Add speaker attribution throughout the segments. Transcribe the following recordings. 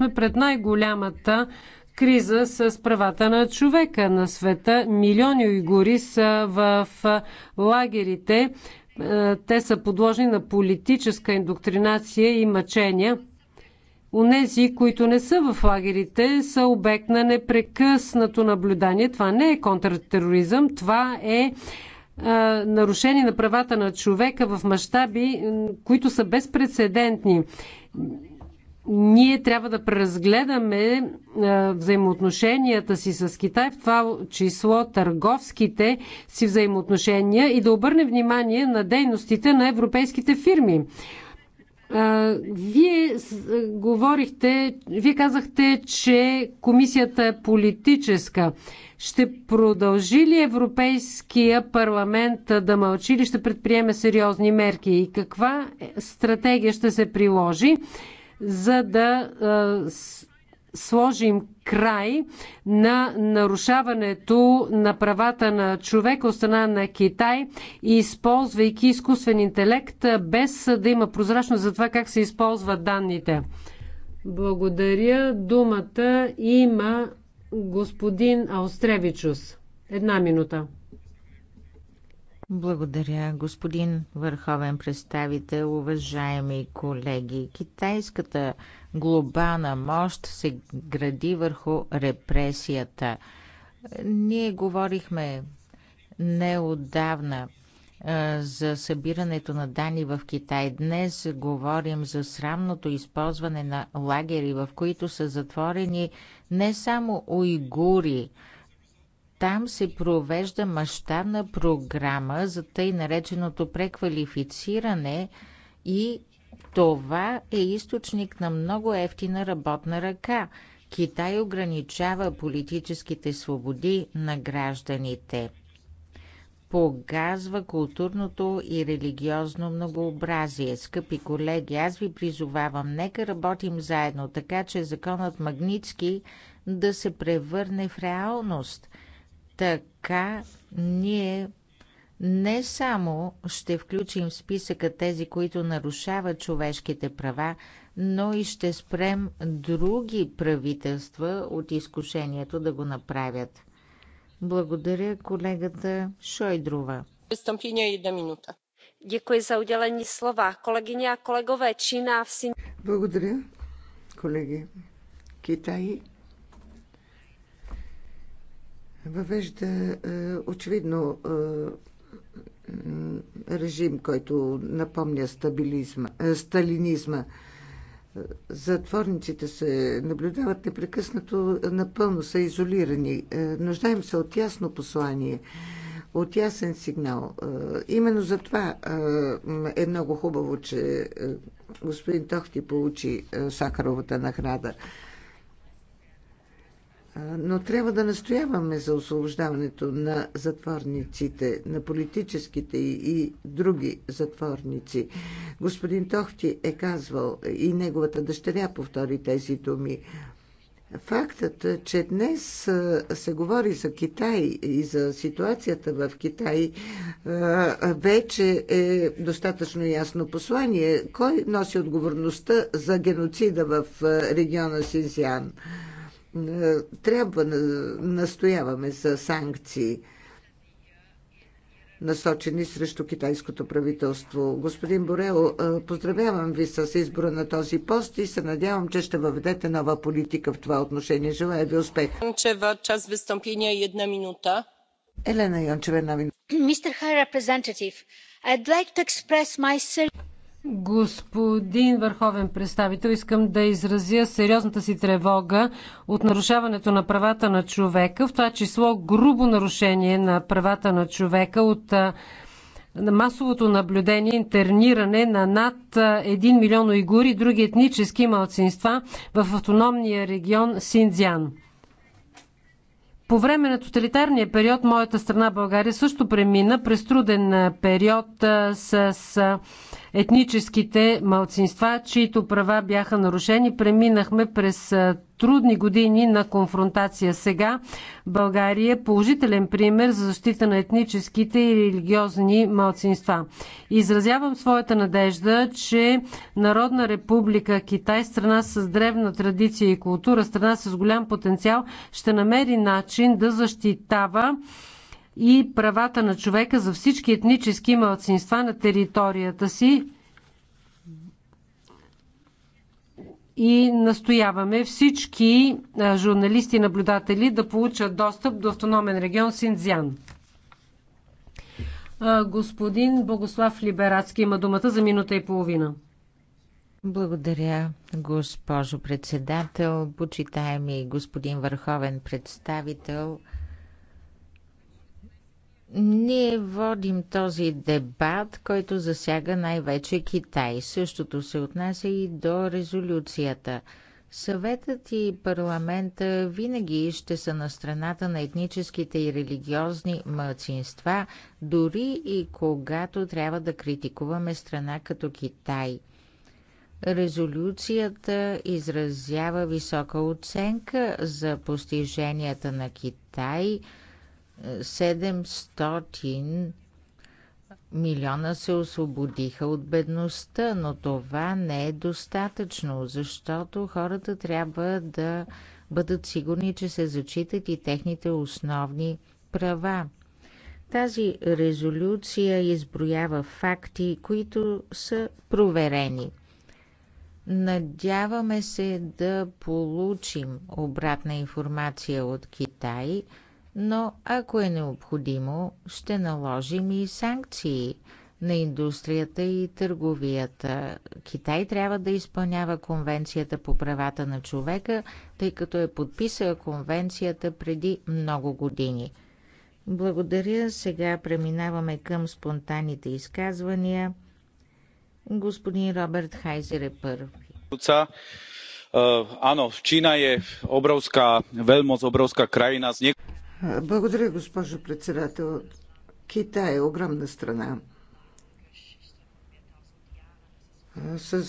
Speaker 1: сме пред най-голямата криза с правата на човека на света. Милиони уйгури са в лагерите. Е, те са подложени на политическа индоктринация и мъчения. Унези, които не са в лагерите, са обект на непрекъснато наблюдание. Това не е контртероризъм, това е, е нарушение на правата на човека в мащаби, които са безпредседентни ние трябва да преразгледаме е, взаимоотношенията си с Китай, в това число търговските си взаимоотношения и да обърнем внимание на дейностите на европейските фирми. Е, вие говорихте, вие казахте, че комисията е политическа. Ще продължи ли Европейския парламент да мълчи или ще предприеме сериозни мерки? И каква стратегия ще се приложи? за да сложим край на нарушаването на правата на човека от страна на Китай, използвайки изкуствен интелект, без да има прозрачност за това как се използват данните. Благодаря. Думата има господин Аустревичус.
Speaker 2: Една минута. Благодаря, господин върховен представител, уважаеми колеги. Китайската глобална мощ се гради върху репресията. Ние говорихме неодавна за събирането на данни в Китай. Днес говорим за срамното използване на лагери, в които са затворени не само уйгури, там се провежда мащабна програма за тъй нареченото преквалифициране и това е източник на много ефтина работна ръка. Китай ограничава политическите свободи на гражданите. Погазва културното и религиозно многообразие. Скъпи колеги, аз ви призовавам, нека работим заедно, така че законът Магницки да се превърне в реалност – така ние не само ще включим в списъка тези, които нарушават човешките права, но и ще спрем други правителства от изкушението да го направят. Благодаря колегата Шойдрова.
Speaker 3: Выступление една минута. Děkuji za udělení slova.
Speaker 2: Благодаря, колеги.
Speaker 4: Китай въвежда е, очевидно е, режим, който напомня стабилизма, е, сталинизма. Затворниците се наблюдават непрекъснато, напълно са изолирани. Нуждаем се от ясно послание, от ясен сигнал. Именно за това е много хубаво, че господин Тохти получи Сахаровата награда. Но трябва да настояваме за освобождаването на затворниците, на политическите и други затворници. Господин Тохти е казвал и неговата дъщеря повтори тези думи. Фактът, че днес се говори за Китай и за ситуацията в Китай, вече е достатъчно ясно послание. Кой носи отговорността за геноцида в региона Синзиан? трябва да настояваме за санкции насочени срещу китайското правителство. Господин Борел, поздравявам ви с избора на този пост и се надявам, че ще въведете нова политика в това отношение. Желая ви успех.
Speaker 3: Йончева, час выстąpiения една минута.
Speaker 4: Елена Йончева, една минута.
Speaker 3: Mr. High Representative, I'd like to express my
Speaker 1: Господин върховен представител, искам да изразя сериозната си тревога от нарушаването на правата на човека, в това число грубо нарушение на правата на човека от масовото наблюдение, интерниране на над 1 милион уйгури и други етнически малцинства в автономния регион Синдзян. По време на тоталитарния период моята страна България също премина през труден период с етническите малцинства, чието права бяха нарушени. Преминахме през трудни години на конфронтация. Сега България е положителен пример за защита на етническите и религиозни малцинства. Изразявам своята надежда, че Народна република Китай, страна с древна традиция и култура, страна с голям потенциал, ще намери начин да защитава и правата на човека за всички етнически малцинства на територията си. И настояваме всички журналисти и наблюдатели да получат достъп до автономен регион Синдзян. Господин Богослав Либерацки има думата за
Speaker 2: минута и половина. Благодаря, госпожо председател, почитаеми господин върховен представител – ние водим този дебат, който засяга най-вече Китай. Същото се отнася и до резолюцията. Съветът и парламента винаги ще са на страната на етническите и религиозни мълцинства, дори и когато трябва да критикуваме страна като Китай. Резолюцията изразява висока оценка за постиженията на Китай – 700 милиона се освободиха от бедността, но това не е достатъчно, защото хората трябва да бъдат сигурни, че се зачитат и техните основни права. Тази резолюция изброява факти, които са проверени. Надяваме се да получим обратна информация от Китай – но ако е необходимо, ще наложим и санкции на индустрията и търговията. Китай трябва да изпълнява Конвенцията по правата на човека, тъй като е подписала Конвенцията преди много години. Благодаря. Сега преминаваме към спонтанните изказвания. Господин Роберт Хайзер е първи.
Speaker 5: Ано, Čína je obrovská veľmoc, obrovská krajina. Z благодаря, госпожо
Speaker 4: председател. Китай е огромна страна. С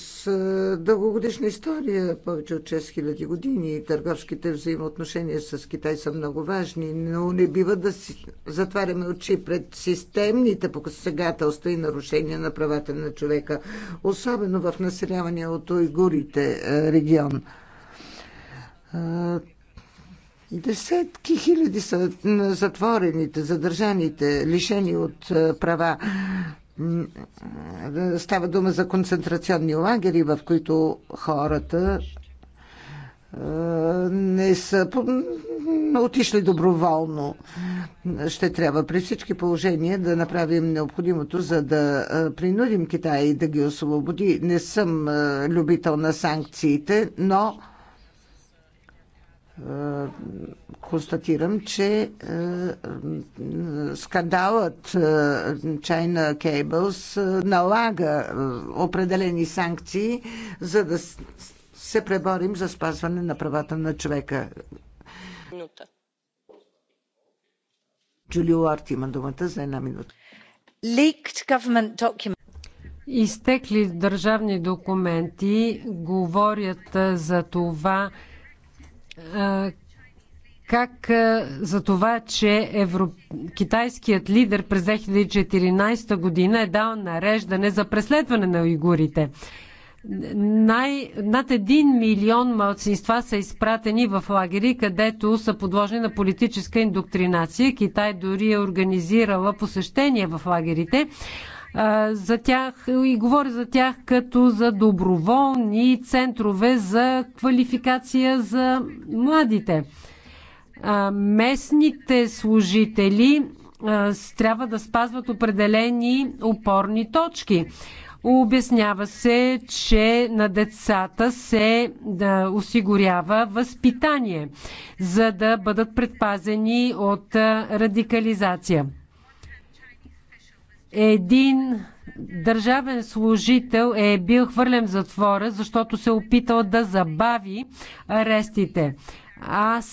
Speaker 4: дългогодишна история, повече от 6000 години, търговските взаимоотношения с Китай са много важни, но не бива да си затваряме очи пред системните посегателства и нарушения на правата на човека, особено в населявания от уйгурите регион. Десетки хиляди са затворените, задържаните, лишени от е, права. Става дума за концентрационни лагери, в които хората е, не са отишли доброволно. Ще трябва при всички положения да направим необходимото, за да е, принудим Китай да ги освободи. Не съм любител на санкциите, но е, констатирам, че е, скандалът е, China Cables налага определени санкции, за да се преборим за спазване на правата на човека. Минута. Джули
Speaker 1: Уорт има думата за една минута. Leaked government document. Изтекли държавни документи говорят за това, как за това, че евро... китайският лидер през 2014 година е дал нареждане за преследване на уйгурите. Най... Над 1 милион малцинства са изпратени в лагери, където са подложени на политическа индоктринация. Китай дори е организирала посещение в лагерите за тях и говоря за тях като за доброволни центрове за квалификация за младите. Местните служители трябва да спазват определени опорни точки. Обяснява се, че на децата се да осигурява възпитание, за да бъдат предпазени от радикализация. Един държавен служител е бил хвърлен в затвора, защото се е опитал да забави арестите. Аз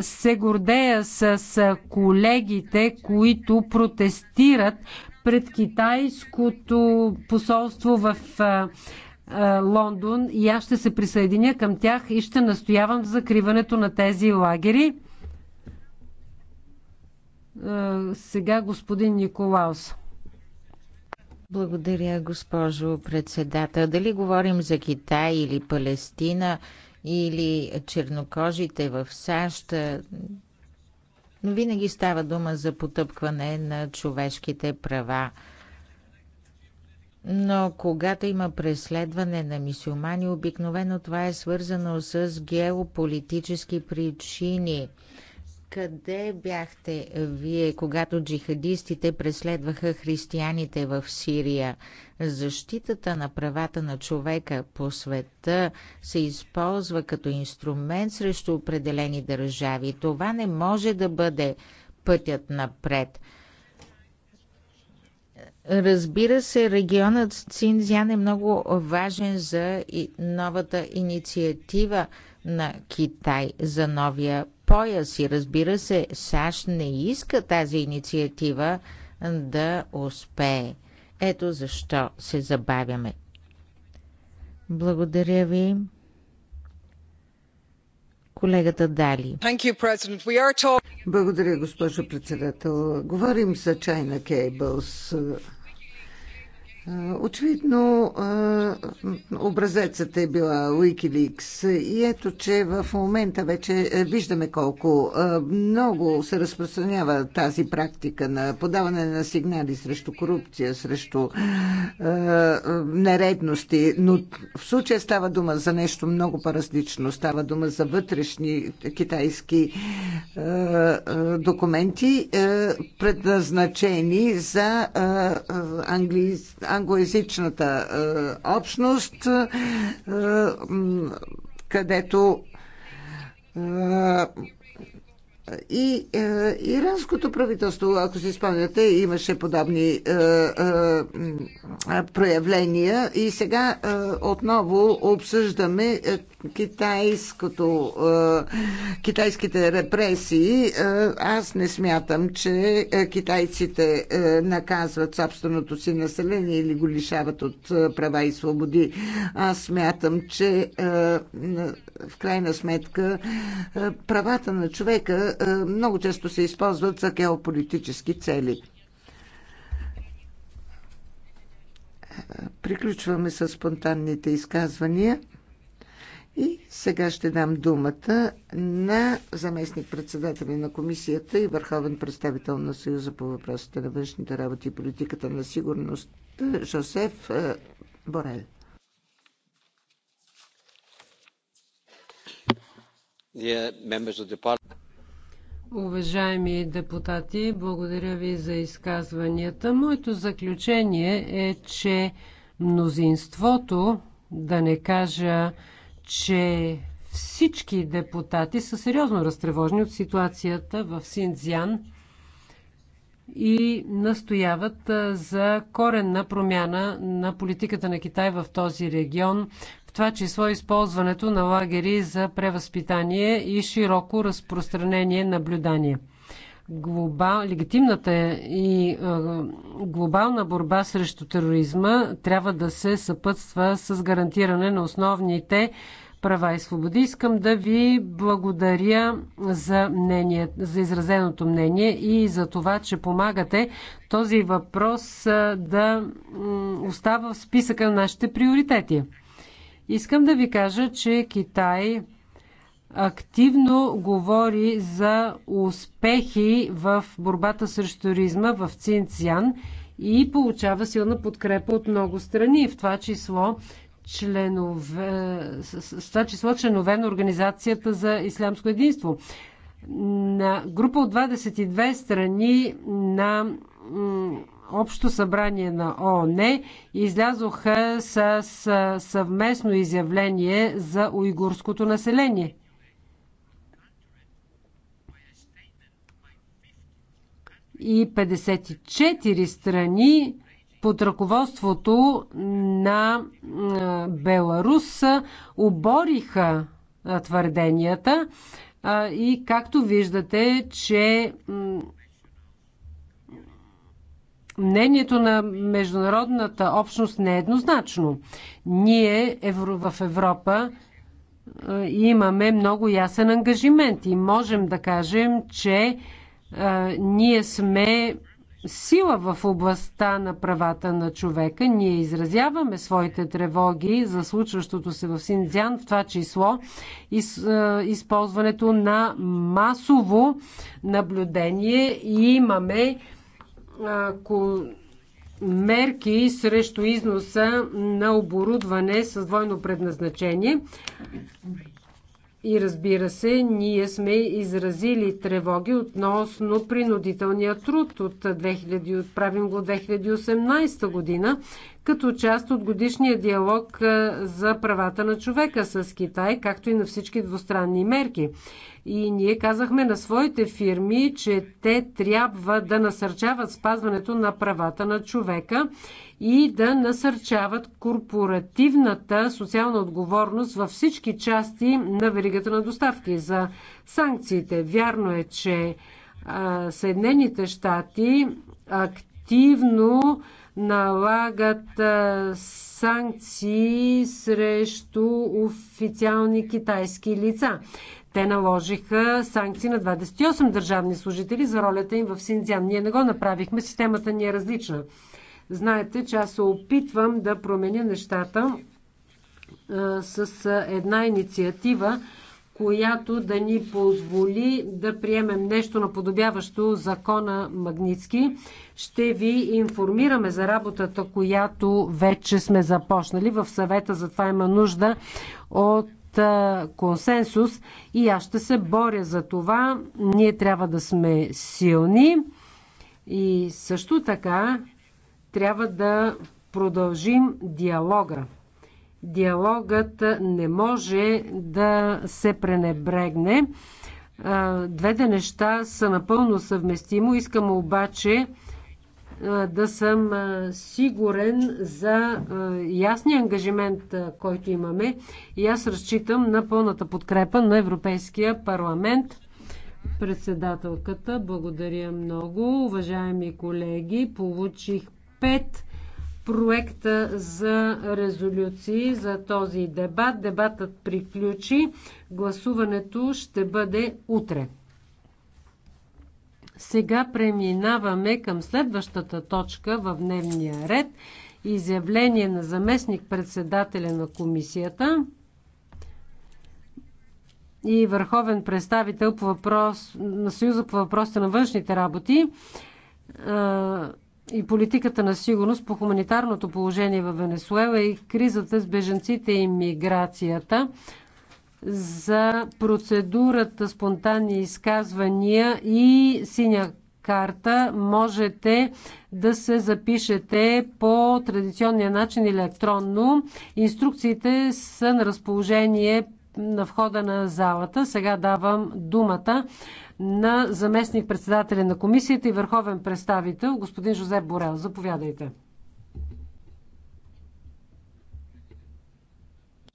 Speaker 1: се гордея с колегите, които протестират пред китайското посолство в Лондон и аз ще се присъединя към тях и ще настоявам за закриването на тези лагери. Сега
Speaker 2: господин Николаус. Благодаря, госпожо председател. Дали говорим за Китай или Палестина или чернокожите в САЩ, но винаги става дума за потъпкване на човешките права. Но когато има преследване на мисюмани, обикновено това е свързано с геополитически причини – къде бяхте вие, когато джихадистите преследваха християните в Сирия? Защитата на правата на човека по света се използва като инструмент срещу определени държави. Това не може да бъде пътят напред. Разбира се, регионът Цинзян е много важен за новата инициатива на Китай за новия пояс и разбира се, САЩ не иска тази инициатива да успее. Ето защо се забавяме. Благодаря ви. Колегата Дали.
Speaker 4: Благодаря, госпожо председател. Говорим за China Cables Очевидно образецът е била Wikileaks и ето, че в момента вече е, виждаме колко много се разпространява тази практика на подаване на сигнали срещу корупция, срещу нередности, но в случая става дума за нещо много по-различно. Става дума за вътрешни китайски документи, предназначени за английски англоязичната е, общност, е, където е, и е, иранското правителство, ако си спомняте, имаше подобни е, е, проявления и сега е, отново обсъждаме е, китайското, е, китайските репресии. Е, аз не смятам, че е, китайците е, наказват собственото си население или го лишават от е, права и свободи. Аз смятам, че е, в крайна сметка е, правата на човека е, много често се използват за геополитически цели. Е, приключваме с спонтанните изказвания. И сега ще дам думата на заместник председателя на комисията и върховен представител на Съюза по въпросите на външните работи и политиката на сигурност Жозеф е,
Speaker 1: Борел.
Speaker 6: Yeah,
Speaker 1: Уважаеми депутати, благодаря ви за изказванията. Моето заключение е, че мнозинството, да не кажа, че всички депутати са сериозно разтревожени от ситуацията в Синдзян и настояват за коренна промяна на политиката на Китай в този регион, в това число използването на лагери за превъзпитание и широко разпространение наблюдание. Глобал, легитимната и е, глобална борба срещу тероризма трябва да се съпътства с гарантиране на основните права и свободи. Искам да ви благодаря за, мнение, за изразеното мнение и за това, че помагате този въпрос да остава в списъка на нашите приоритети. Искам да ви кажа, че Китай активно говори за успехи в борбата срещу туризма в Цинциан и получава силна подкрепа от много страни, в това число членове, с това число членове на Организацията за ислямско единство. На група от 22 страни на Общо събрание на ООН излязоха с съвместно изявление за уйгурското население. И 54 страни под ръководството на Беларус обориха твърденията и както виждате, че мнението на международната общност не е еднозначно. Ние в Европа имаме много ясен ангажимент и можем да кажем, че ние сме сила в областта на правата на човека. Ние изразяваме своите тревоги за случващото се в Синдзян, в това число из, използването на масово наблюдение и имаме ако мерки срещу износа на оборудване с двойно предназначение. И разбира се, ние сме изразили тревоги относно принудителния труд от 2000, правим го 2018 година, като част от годишния диалог за правата на човека с Китай, както и на всички двустранни мерки. И ние казахме на своите фирми, че те трябва да насърчават спазването на правата на човека и да насърчават корпоративната социална отговорност във всички части на веригата на доставки. За санкциите вярно е, че Съединените щати активно налагат санкции срещу официални китайски лица. Те наложиха санкции на 28 държавни служители за ролята им в Синдзян. Ние не го направихме, системата ни е различна. Знаете, че аз се опитвам да променя нещата с една инициатива, която да ни позволи да приемем нещо наподобяващо закона Магницки. Ще ви информираме за работата, която вече сме започнали в съвета, затова има нужда от консенсус и аз ще се боря за това. Ние трябва да сме силни и също така трябва да продължим диалога. Диалогът не може да се пренебрегне. Двете неща са напълно съвместимо. Искам обаче да съм сигурен за ясния ангажимент, който имаме. И аз разчитам на пълната подкрепа на Европейския парламент. Председателката, благодаря много. Уважаеми колеги, получих пет проекта за резолюции за този дебат. Дебатът приключи. Гласуването ще бъде утре. Сега преминаваме към следващата точка в дневния ред. Изявление на заместник-председателя на комисията и върховен представител по въпрос, на Съюза по въпросите на външните работи и политиката на сигурност по хуманитарното положение в Венесуела и кризата с беженците и миграцията за процедурата спонтанни изказвания и синя карта можете да се запишете по традиционния начин електронно. Инструкциите са на разположение на входа на залата. Сега давам думата на заместник председателя на комисията и върховен
Speaker 2: представител господин Жозеп Борел. Заповядайте.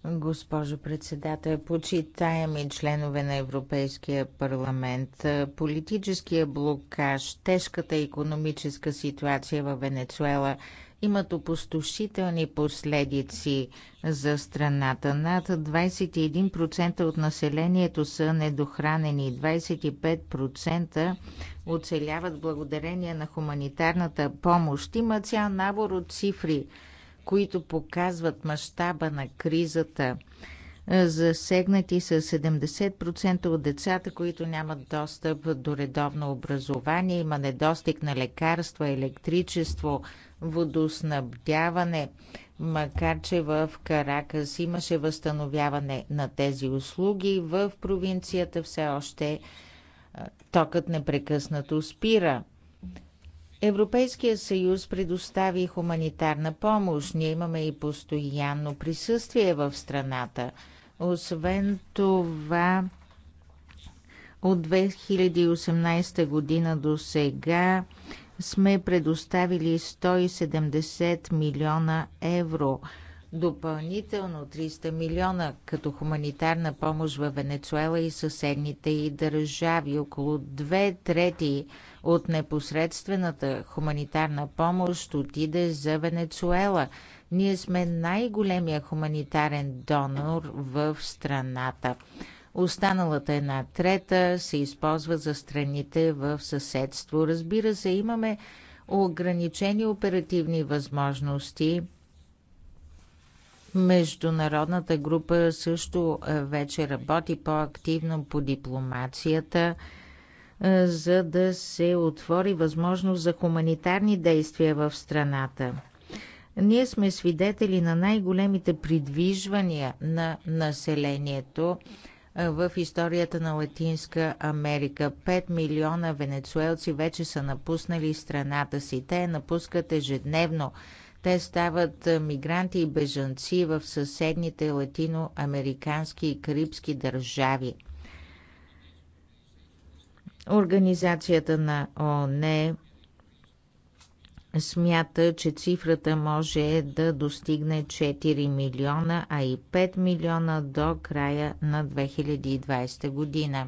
Speaker 2: Госпожо председател, почитаеми членове на Европейския парламент, политическия блокаж, тежката економическа ситуация във Венецуела имат опустошителни последици за страната. Над 21% от населението са недохранени, 25% оцеляват благодарение на хуманитарната помощ. Има цял набор от цифри, които показват мащаба на кризата. Засегнати са 70% от децата, които нямат достъп до редовно образование. Има недостиг на лекарства, електричество, водоснабдяване, макар че в Каракас имаше възстановяване на тези услуги, в провинцията все още токът непрекъснато спира. Европейския съюз предостави хуманитарна помощ. Ние имаме и постоянно присъствие в страната. Освен това, от 2018 година до сега сме предоставили 170 милиона евро, допълнително 300 милиона като хуманитарна помощ в Венецуела и съседните и държави. Около две трети от непосредствената хуманитарна помощ отиде за Венецуела. Ние сме най-големия хуманитарен донор в страната. Останалата една трета се използва за страните в съседство. Разбира се, имаме ограничени оперативни възможности. Международната група също вече работи по-активно по дипломацията, е, за да се отвори възможност за хуманитарни действия в страната. Ние сме свидетели на най-големите придвижвания на населението в историята на Латинска Америка. 5 милиона венецуелци вече са напуснали страната си. Те напускат ежедневно. Те стават мигранти и бежанци в съседните латиноамерикански и карибски държави. Организацията на ООН смята, че цифрата може да достигне 4 милиона, а и 5 милиона до края на 2020 година.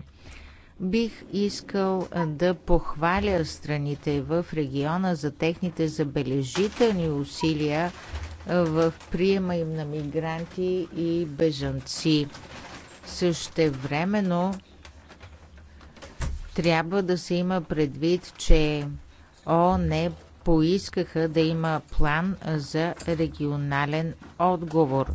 Speaker 2: Бих искал да похваля страните в региона за техните забележителни усилия в приема им на мигранти и бежанци. Същевременно трябва да се има предвид, че ООН поискаха да има план за регионален отговор.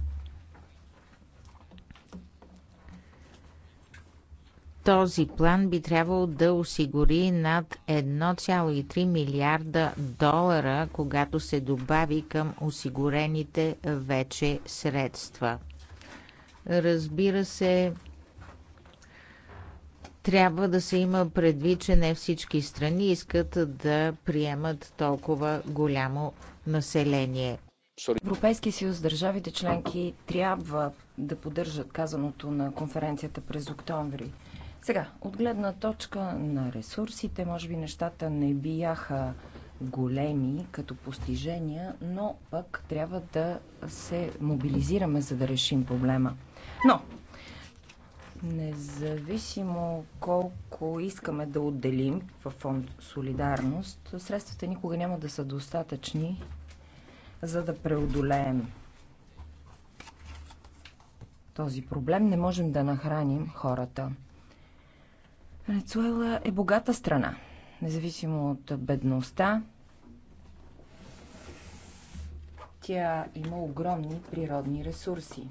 Speaker 2: Този план би трябвало да осигури над 1,3 милиарда долара, когато се добави към осигурените вече средства. Разбира се, трябва да се има предвид, че не всички страни искат да приемат толкова голямо население. Европейски съюз, държавите
Speaker 7: членки трябва да поддържат казаното на конференцията през октомври. Сега, от гледна точка на ресурсите, може би нещата не бияха големи като постижения, но пък трябва да се мобилизираме, за да решим проблема. Но Независимо колко искаме да отделим във фонд Солидарност, средствата никога няма да са достатъчни, за да преодолеем този проблем. Не можем да нахраним хората. Венецуела е богата страна, независимо от бедността. Тя има огромни природни ресурси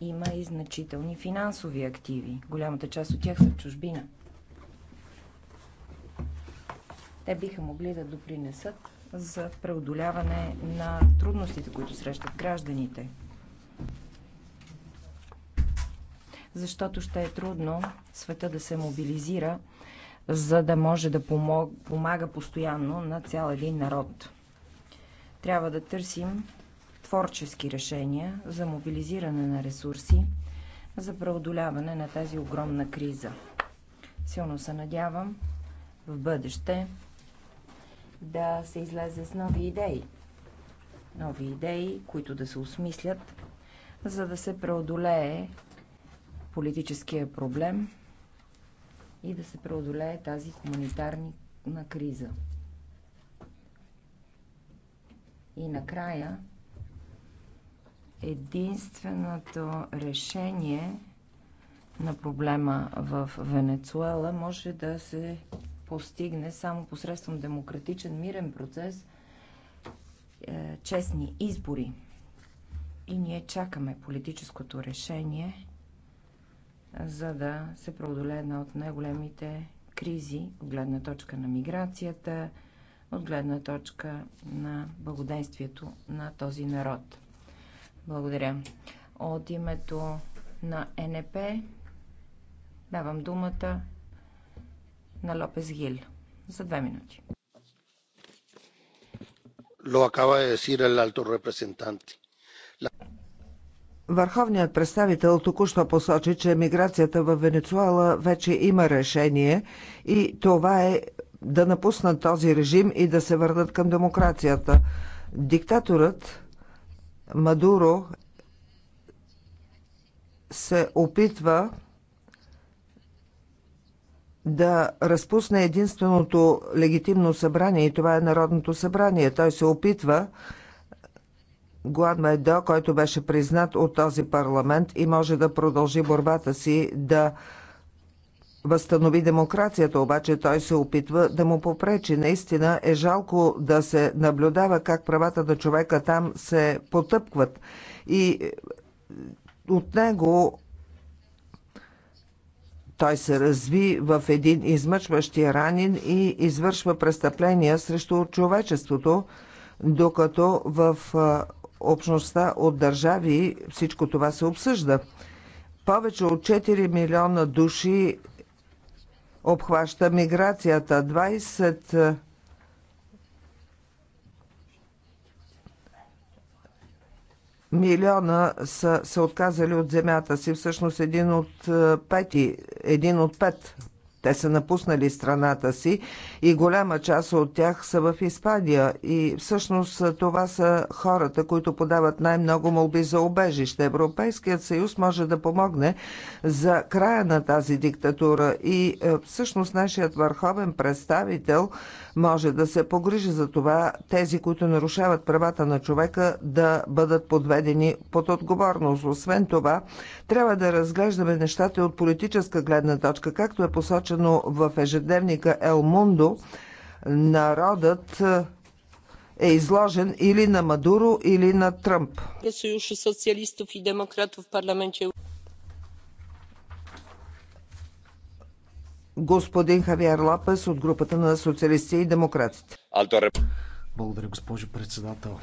Speaker 7: има и значителни финансови активи. Голямата част от тях са в чужбина. Те биха могли да допринесат за преодоляване на трудностите, които срещат гражданите. Защото ще е трудно света да се мобилизира, за да може да помог, помага постоянно на цял един народ. Трябва да търсим творчески решения за мобилизиране на ресурси за преодоляване на тази огромна криза. Силно се надявам в бъдеще да се излезе с нови идеи. Нови идеи, които да се осмислят, за да се преодолее политическия проблем и да се преодолее тази хуманитарна криза. И накрая единственото решение на проблема в Венецуела може да се постигне само посредством демократичен мирен процес, е, честни избори. И ние чакаме политическото решение, за да се преодолее една от най-големите кризи от гледна точка на миграцията, от гледна точка на благоденствието на този народ. Благодаря. От името на НП давам думата на Лопес Гил за две минути. Lo acaba de decir el alto representante.
Speaker 8: Върховният представител току-що посочи, че миграцията в Венецуела вече има решение и това е да напуснат този режим и да се върнат към демокрацията. Диктаторът Мадуро се опитва да разпусне единственото легитимно събрание и това е Народното събрание. Той се опитва Гуан Майдо, който беше признат от този парламент и може да продължи борбата си да възстанови демокрацията, обаче той се опитва да му попречи. Наистина е жалко да се наблюдава как правата на човека там се потъпкват. И е, от него той се разви в един измъчващи ранин и извършва престъпления срещу човечеството, докато в е, общността от държави всичко това се обсъжда. Повече от 4 милиона души обхваща миграцията. 20 милиона са се отказали от земята си, всъщност един от пети, един от пет те са напуснали страната си и голяма част от тях са в Испания. И всъщност това са хората, които подават най-много молби за обежище. Европейският съюз може да помогне за края на тази диктатура. И всъщност нашият върховен представител може да се погрижи за това тези, които нарушават правата на човека, да бъдат подведени под отговорност. Освен това, трябва да разглеждаме нещата от политическа гледна точка, както е посочено в ежедневника Ел Мундо. Народът е, е изложен или на Мадуро, или на Тръмп.
Speaker 3: Съюз социалистов и демократов в парламенте.
Speaker 8: господин Хавиер Лапес от групата на социалисти и демократите.
Speaker 6: Благодаря, госпожо председател.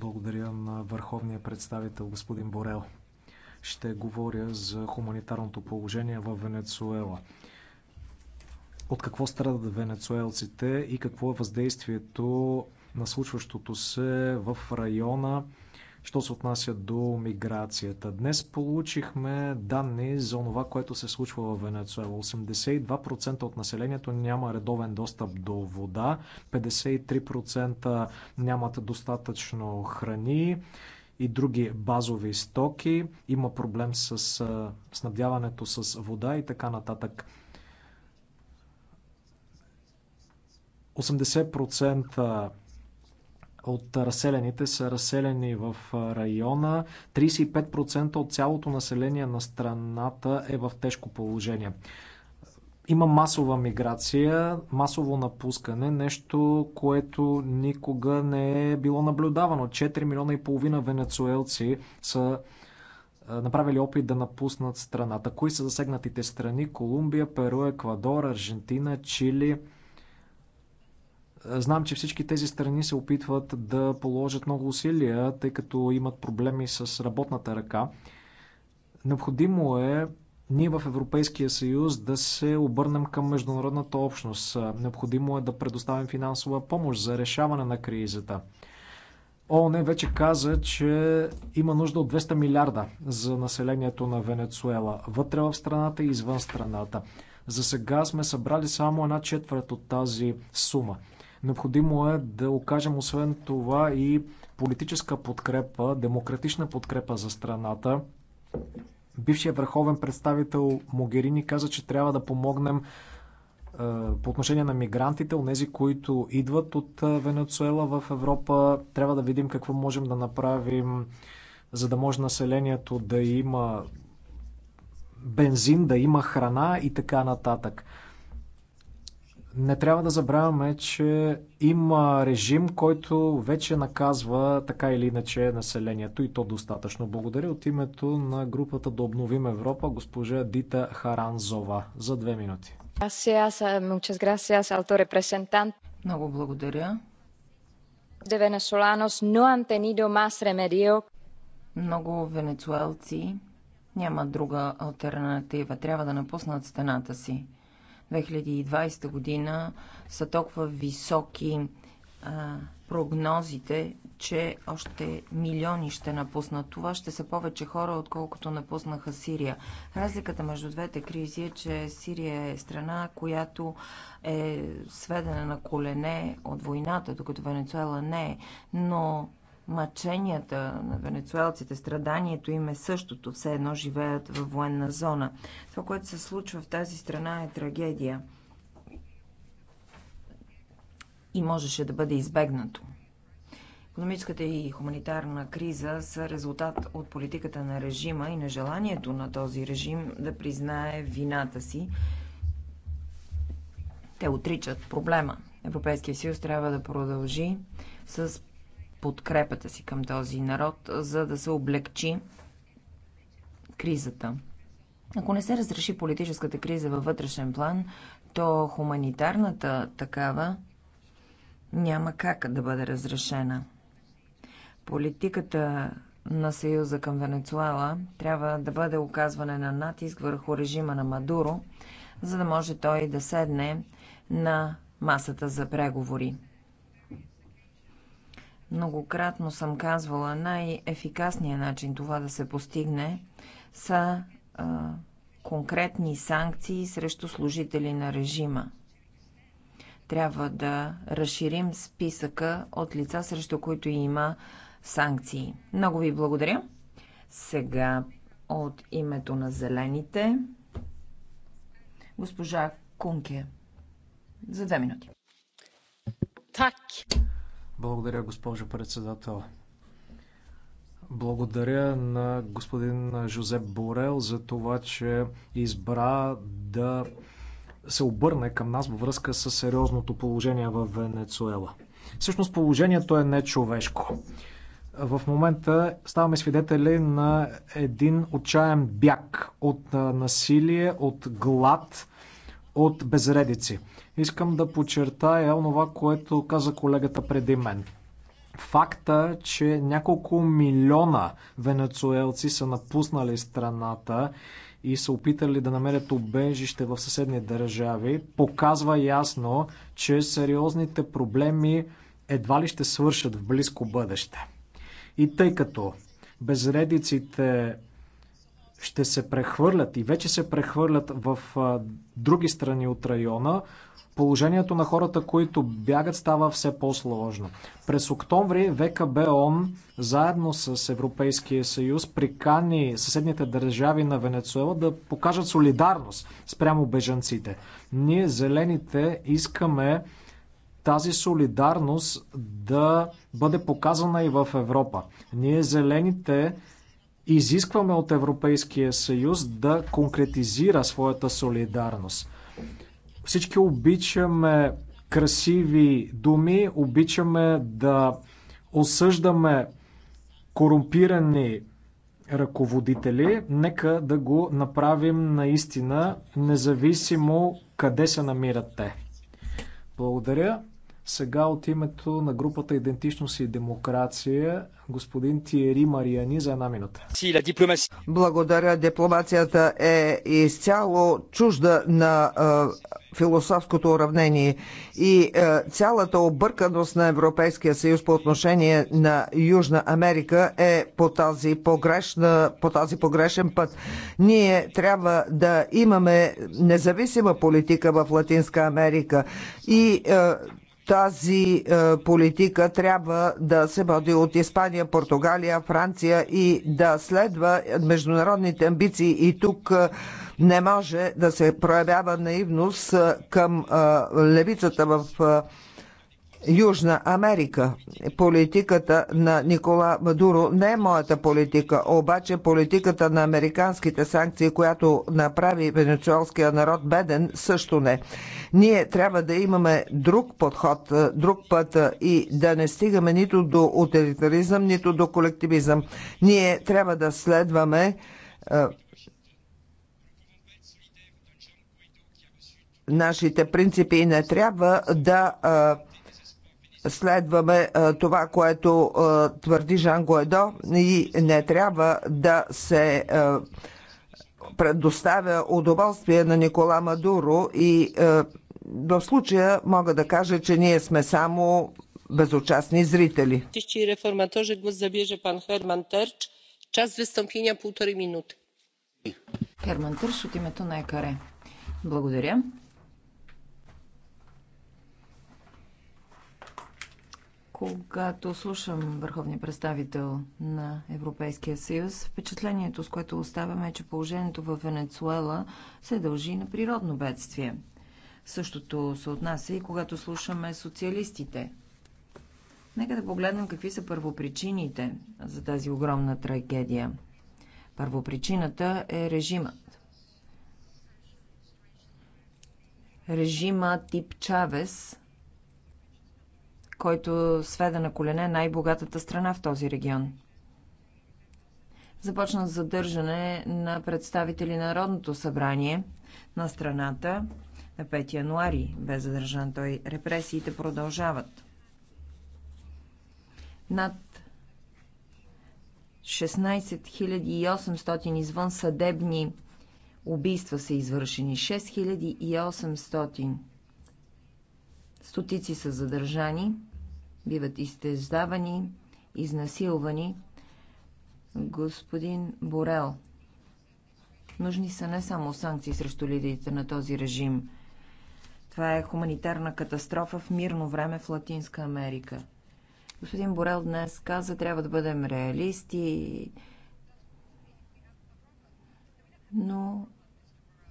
Speaker 6: Благодаря на върховния представител господин Борел. Ще говоря за хуманитарното положение в Венецуела. От какво страдат венецуелците и какво е въздействието на случващото се в района що се отнася до миграцията. Днес получихме данни за това, което се случва в Венецуела. 82% от населението няма редовен достъп до вода, 53% нямат достатъчно храни и други базови стоки. Има проблем с снабдяването с вода и така нататък. 80% от разселените са разселени в района. 35% от цялото население на страната е в тежко положение. Има масова миграция, масово напускане, нещо, което никога не е било наблюдавано. 4 милиона и половина венецуелци са направили опит да напуснат страната. Кои са засегнатите страни? Колумбия, Перу, Еквадор, Аржентина, Чили – Знам, че всички тези страни се опитват да положат много усилия, тъй като имат проблеми с работната ръка. Необходимо е ние в Европейския съюз да се обърнем към международната общност. Необходимо е да предоставим финансова помощ за решаване на кризата. ООН вече каза, че има нужда от 200 милиарда за населението на Венецуела, вътре в страната и извън страната. За сега сме събрали само една четвърт от тази сума. Необходимо е да окажем освен това и политическа подкрепа, демократична подкрепа за страната. Бившият върховен представител Могерини каза, че трябва да помогнем е, по отношение на мигрантите, нези, които идват от е, Венецуела в Европа, трябва да видим какво можем да направим, за да може населението да има бензин, да има храна и така нататък не трябва да забравяме, че има режим, който вече наказва така или иначе населението и то достатъчно. Благодаря от името на групата Да обновим Европа, госпожа Дита Харанзова за две минути.
Speaker 2: Eh, Много
Speaker 6: благодаря.
Speaker 7: Много венецуелци няма друга альтернатива. Трябва да напуснат стената си. 2020 година са толкова високи а, прогнозите, че още милиони ще напуснат. Това ще са повече хора, отколкото напуснаха Сирия. Разликата между двете кризи е, че Сирия е страна, която е сведена на колене от войната, докато Венецуела не е. Но Мъченията на венецуелците, страданието им е същото. Все едно живеят във военна зона. Това, което се случва в тази страна е трагедия. И можеше да бъде избегнато. Економическата и хуманитарна криза са резултат от политиката на режима и нежеланието на този режим да признае вината си. Те отричат проблема. Европейския съюз трябва да продължи с подкрепата си към този народ, за да се облегчи кризата. Ако не се разреши политическата криза във вътрешен план, то хуманитарната такава няма как да бъде разрешена. Политиката на Съюза към Венецуела трябва да бъде оказване на натиск върху режима на Мадуро, за да може той да седне на масата за преговори. Многократно съм казвала, най-ефикасният начин това да се постигне са а, конкретни санкции срещу служители на режима. Трябва да разширим списъка от лица, срещу които има санкции. Много ви благодаря. Сега от името на зелените госпожа Кунке за две минути.
Speaker 6: Так. Благодаря, госпожо председател. Благодаря на господин Жозеп Борел за това, че избра да се обърне към нас във връзка с сериозното положение в Венецуела. Всъщност положението е нечовешко. В момента ставаме свидетели на един отчаян бяг от насилие, от глад, от безредици. Искам да подчертая онова, което каза колегата преди мен. Факта, че няколко милиона венецуелци са напуснали страната и са опитали да намерят убежище в съседни държави, показва ясно, че сериозните проблеми едва ли ще свършат в близко бъдеще. И тъй като безредиците ще се прехвърлят и вече се прехвърлят в други страни от района, положението на хората, които бягат, става все по-сложно. През октомври ВКБ ООН заедно с Европейския съюз прикани съседните държави на Венецуела да покажат солидарност спрямо бежанците. Ние, зелените, искаме тази солидарност да бъде показана и в Европа. Ние, зелените, изискваме от Европейския съюз да конкретизира своята солидарност. Всички обичаме красиви думи, обичаме да осъждаме корумпирани ръководители, нека да го направим наистина, независимо къде се намират те. Благодаря. Сега от името на групата Идентичност и демокрация, господин Тиери Мариани за една минута. Благодаря. Дипломацията е изцяло
Speaker 8: чужда на философското уравнение и е, цялата обърканост на Европейския съюз по отношение на Южна Америка е по, тази погрешна, по тази погрешен път. Ние трябва да имаме независима политика в Латинска Америка и е, тази е, политика трябва да се води от Испания, Португалия, Франция и да следва международните амбиции. И тук е, не може да се проявява наивност е, към е, левицата в е, Южна Америка. Политиката на Никола Мадуро не е моята политика, обаче политиката на американските санкции, която направи венецуелския народ беден, също не. Ние трябва да имаме друг подход, е, друг път е, и да не стигаме нито до утилитаризъм, нито до колективизъм. Ние трябва да следваме е, нашите принципи и не трябва да а, следваме това, което твърди Жан Гуедо и не трябва да се предоставя удоволствие на Никола Мадуро и в случая мога да кажа, че ние сме само безучастни зрители.
Speaker 3: Тищи реформаторze głos пан Херман Herman Час Czas wystąpienia полтори минути.
Speaker 7: Херман Търш от името на ЕКАРЕ. Благодаря. Когато слушам върховния представител на Европейския съюз, впечатлението, с което оставяме е, че положението в Венецуела се дължи на природно бедствие. Същото се отнася и когато слушаме социалистите. Нека да погледнем какви са първопричините за тази огромна трагедия. Първопричината е режимът. Режима тип Чавес който сведе на колене най-богатата страна в този регион. Започна задържане на представители на Народното събрание на страната на 5 януари. Бе задържан той. Репресиите продължават. Над 16 800 извън съдебни убийства са извършени. 6800 Стотици са задържани, биват изтеждавани, изнасилвани. Господин Борел, нужни са не само санкции срещу лидерите на този режим. Това е хуманитарна катастрофа в мирно време в Латинска Америка. Господин Борел днес каза, трябва да бъдем реалисти, но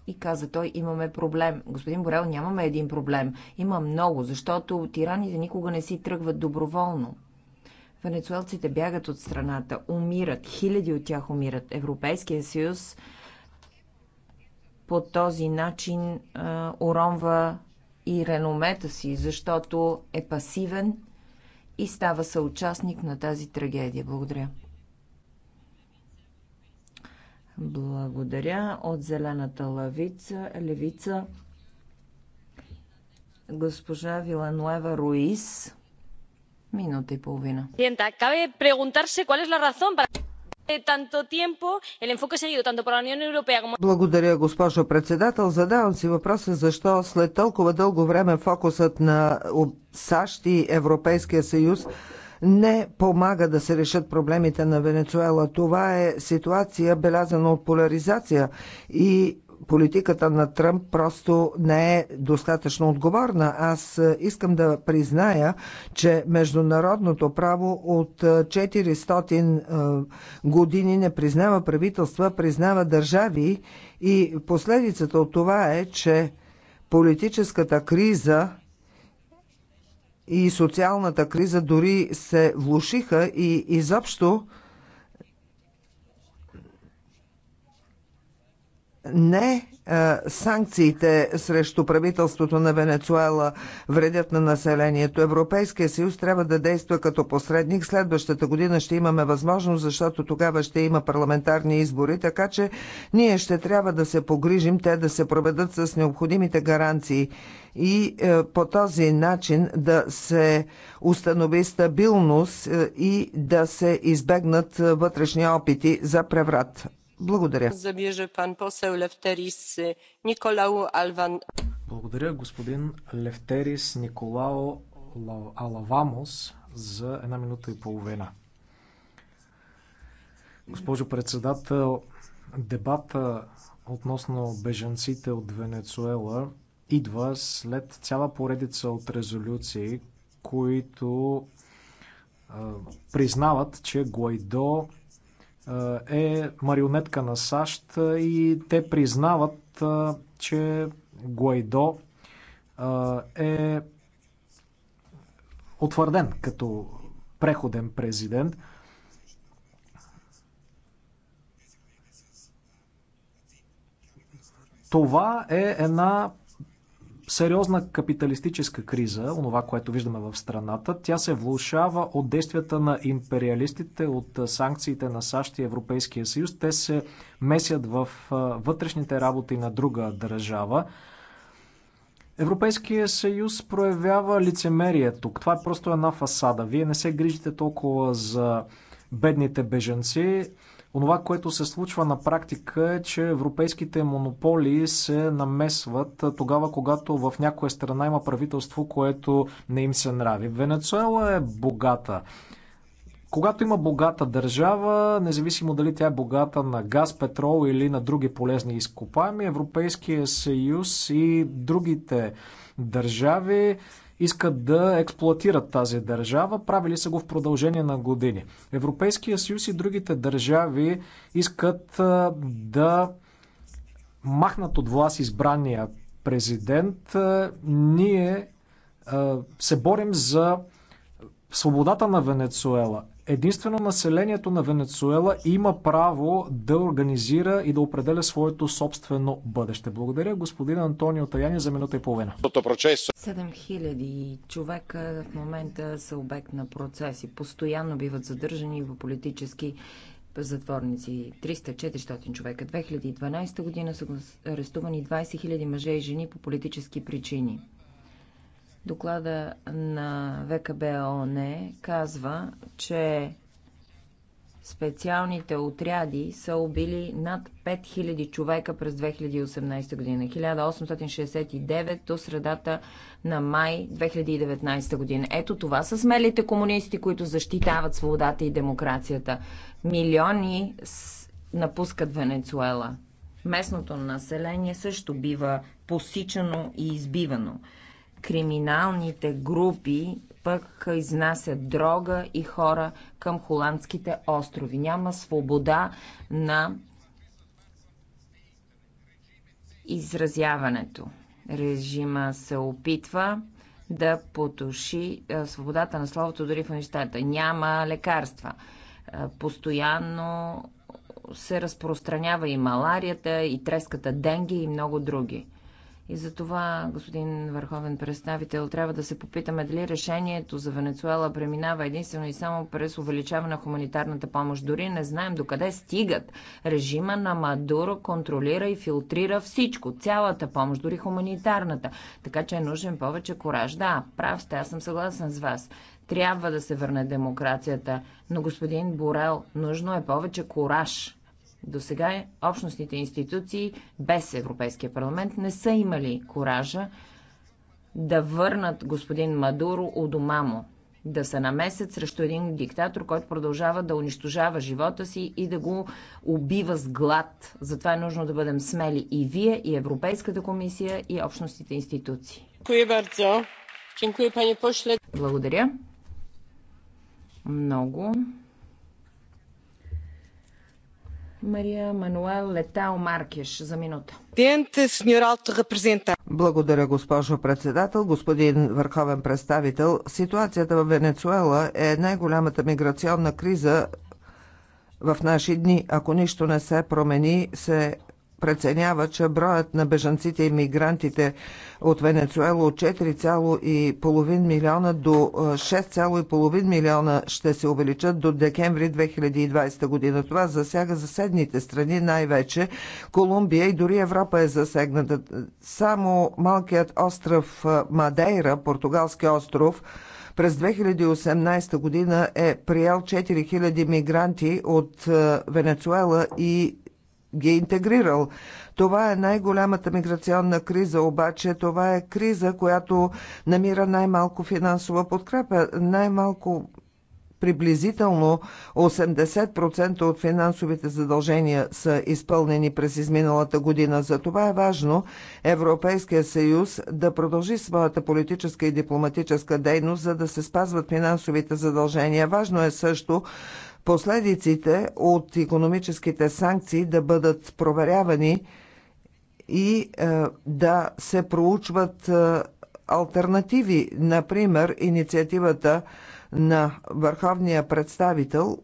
Speaker 7: и каза той, имаме проблем. Господин Борел, нямаме един проблем. Има много, защото тираните никога не си тръгват доброволно. Венецуелците бягат от страната, умират, хиляди от тях умират. Европейския съюз по този начин а, уронва и реномета си, защото е пасивен и става съучастник на тази трагедия. Благодаря. Благодаря. От зелената лавица, левица госпожа Вилануева Руис.
Speaker 8: Минута и половина.
Speaker 7: Cabe preguntarse cuál es la razón para tanto tiempo el enfoque seguido tanto por la Unión Europea como...
Speaker 8: Благодаря, госпожо председател. Задавам си въпроса защо след толкова дълго време фокусът на САЩ и Европейския съюз не помага да се решат проблемите на Венецуела. Това е ситуация, белязана от поляризация и политиката на Тръмп просто не е достатъчно отговорна. Аз е, искам да призная, че международното право от 400 е, е, години не признава правителства, признава държави и последицата от това е, че политическата криза и социалната криза дори се влушиха и изобщо не е, санкциите срещу правителството на Венецуела вредят на населението. Европейския съюз трябва да действа като посредник. Следващата година ще имаме възможност, защото тогава ще има парламентарни избори, така че ние ще трябва да се погрижим те да се проведат с необходимите гаранции и е, по този начин да се установи стабилност е, и да се избегнат вътрешни опити
Speaker 6: за преврат. Благодаря. Благодаря господин Левтерис Николао Алавамос за една минута и половина. Госпожо председател, дебата относно бежанците от Венецуела идва след цяла поредица от резолюции, които признават, че Гуайдо е марионетка на САЩ и те признават, че Гуайдо е утвърден като преходен президент. Това е една сериозна капиталистическа криза, онова, което виждаме в страната. Тя се влушава от действията на империалистите, от санкциите на САЩ и Европейския съюз. Те се месят в вътрешните работи на друга държава. Европейския съюз проявява лицемерие тук. Това е просто една фасада. Вие не се грижите толкова за бедните бежанци, Онова, което се случва на практика е, че европейските монополи се намесват тогава, когато в някоя страна има правителство, което не им се нрави. Венецуела е богата. Когато има богата държава, независимо дали тя е богата на газ, петрол или на други полезни изкопаеми, Европейския съюз и другите държави искат да експлуатират тази държава. Правили са го в продължение на години. Европейския съюз и другите държави искат да махнат от власт избрания президент. Ние се борим за свободата на Венецуела. Единствено населението на Венецуела има право да организира и да определя своето собствено бъдеще. Благодаря господин Антонио Таяни за минута и половина.
Speaker 7: 7000 човека в момента са обект на процеси. Постоянно биват задържани в политически затворници 300-400 човека. 2012 година са арестувани 20 000 мъже и жени по политически причини. Доклада на ООН казва, че специалните отряди са убили над 5000 човека през 2018 година. 1869 до средата на май 2019 година. Ето това са смелите комунисти, които защитават свободата и демокрацията. Милиони напускат Венецуела. Местното население също бива посичано и избивано криминалните групи пък изнасят дрога и хора към холандските острови. Няма свобода на изразяването. Режима се опитва да потуши е, свободата на словото дори в нещата. Няма лекарства. Е, постоянно се разпространява и маларията, и треската денги, и много други. И за това, господин върховен представител, трябва да се попитаме дали решението за Венецуела преминава единствено и само през увеличаване на хуманитарната помощ. Дори не знаем докъде стигат. Режима на Мадуро контролира и филтрира всичко, цялата помощ, дори хуманитарната. Така че е нужен повече кораж. Да, прав сте, аз съм съгласен с вас трябва да се върне демокрацията. Но, господин Борел, нужно е повече кораж. До сега е, общностните институции без Европейския парламент не са имали коража да върнат господин Мадуро у дома му, да се намесят срещу един диктатор, който продължава да унищожава живота си и да го убива с глад. Затова е нужно да бъдем смели и вие, и Европейската комисия, и общностните институции. Благодаря. Много. Мария Мануел Летао Маркеш за минута.
Speaker 8: Благодаря, госпожо председател. Господин върховен представител, ситуацията в Венецуела е най-голямата миграционна криза в наши дни. Ако нищо не се промени, се преценява, че броят на бежанците и мигрантите от Венецуела от 4,5 милиона до 6,5 милиона ще се увеличат до декември 2020 година. Това засяга съседните страни най-вече. Колумбия и дори Европа е засегната. Само малкият остров Мадейра, португалски остров, през 2018 година е приял 4000 мигранти от Венецуела и ги е интегрирал. Това е най-голямата миграционна криза, обаче това е криза, която намира най-малко финансова подкрепа, най-малко приблизително 80% от финансовите задължения са изпълнени през изминалата година. За това е важно Европейския съюз да продължи своята политическа и дипломатическа дейност, за да се спазват финансовите задължения. Важно е също последиците от економическите санкции да бъдат проверявани и е, да се проучват е, альтернативи, например инициативата на върховния представител.